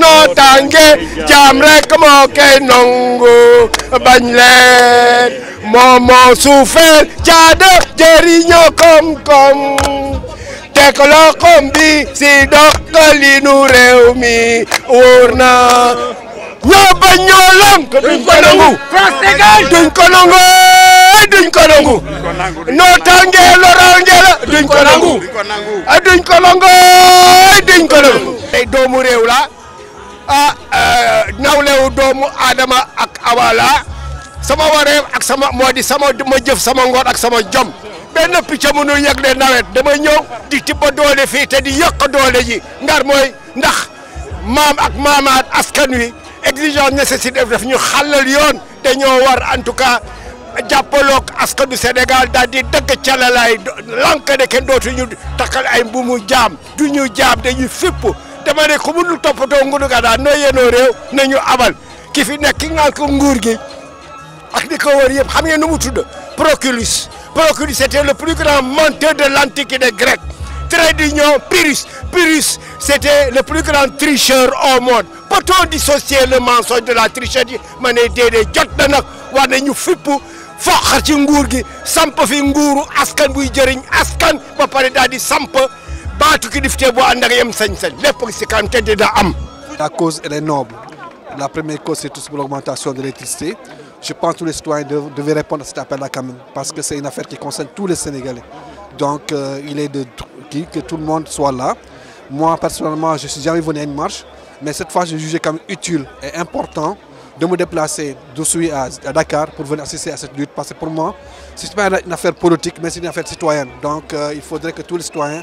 Nó lẹ. có no tanke chamre kamo ke nongo banle momo sufel chade jerinyo có kom tekolo kombi si dokkolinu rewmi urna ñobañolam ko duñ Đừng có duñ ko nangu duñ ko nangu notange lorange la duñ Đừng có duñ ko nangu duñ ko nangu tey doomu réew la Ah, eh, nawlewu doomu Adama ak awala sama wareef ak sama moo di sama ma jëf sama ngoor ak sama jom benn picc mënul yëgle nawet dama ñëw di tibba doole fii te di yokk doole ji ndar mooy ndax maam ak maamaat askan wi exigence nécessité daf ñu xàllal yoon dañoo war en tout cas jàppaloog aska du Sénégal daal di dëgg calalaay lank ne kenn dootuñu takkal ay mbuumu jaam du ñu jaam dañuy fipp dama ne ku munul toppatoo ngunu ga daal noo yéenoo réew nañu abal ki fi nekk ki nga ko nguur gi ak li wër yëpp xam ngeen nu mu c'était le plus grand menteur de l'antiquité grecque trait Pyrrhus Pyrrhus c'était le plus grand tricheur au monde peut-on dissocier le mensonge de la tricherie Mané ne déedéet jot na nag war nañu fippu foqar ci nguur gi fi askan buy askan ba pare daal la cause est noble. La première cause c'est tout pour l'augmentation de l'électricité. Je pense que tous les citoyens devaient répondre à cet appel-là quand même, parce que c'est une affaire qui concerne tous les Sénégalais. Donc euh, il est de que tout le monde soit là. Moi personnellement, je suis jamais venu à une marche, mais cette fois j'ai jugé comme utile et important de me déplacer suis à, Dakar pour venir assister à cette lutte, parce que pour moi, c'est pas une affaire politique, mais c'est une affaire citoyenne. Donc euh, il faudrait que tous les citoyens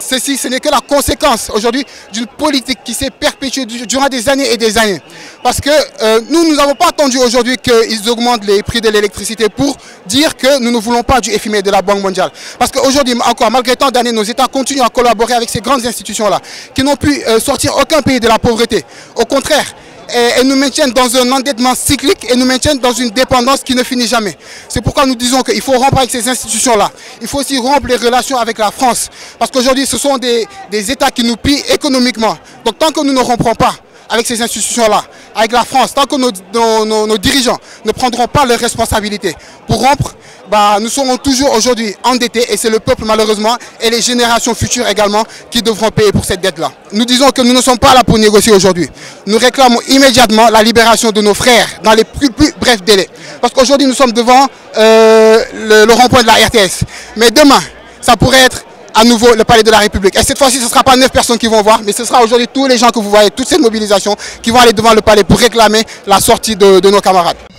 Ceci, ce n'est que la conséquence aujourd'hui d'une politique qui s'est perpétuée durant des années et des années. Parce que euh, nous, nous n'avons pas attendu aujourd'hui qu'ils augmentent les prix de l'électricité pour dire que nous ne voulons pas du FMI e de la Banque mondiale. Parce qu'aujourd'hui, encore, malgré tant d'années, nos États continuent à collaborer avec ces grandes institutions-là, qui n'ont pu euh, sortir aucun pays de la pauvreté. Au contraire, et, nous maintiennent dans un endettement cyclique et nous maintiennent dans une dépendance qui ne finit jamais. C'est pourquoi nous disons qu'il faut rompre avec ces institutions-là. Il faut aussi rompre les relations avec la France. Parce qu'aujourd'hui, ce sont des, des États qui nous pillent économiquement. Donc tant que nous ne rompons pas, avec ces institutions-là, avec la France, tant que nos, dirigeants ne prendront pas leurs responsabilités pour rompre, bah, nous serons toujours aujourd'hui endettés et c'est le peuple malheureusement et les générations futures également qui devront payer pour cette dette-là. Nous disons que nous ne sommes pas là pour négocier aujourd'hui. Nous réclamons immédiatement la libération de nos frères dans les plus, brefs délais. Parce qu'aujourd'hui nous sommes devant euh, le rond-point de la RTS. Mais demain, ça pourrait être à nouveau le palais de la République. Et cette fois-ci, ce ne sera pas neuf personnes qui vont voir, mais ce sera aujourd'hui tous les gens que vous voyez, toutes cette mobilisation qui vont aller devant le palais pour réclamer la sortie de, de nos camarades.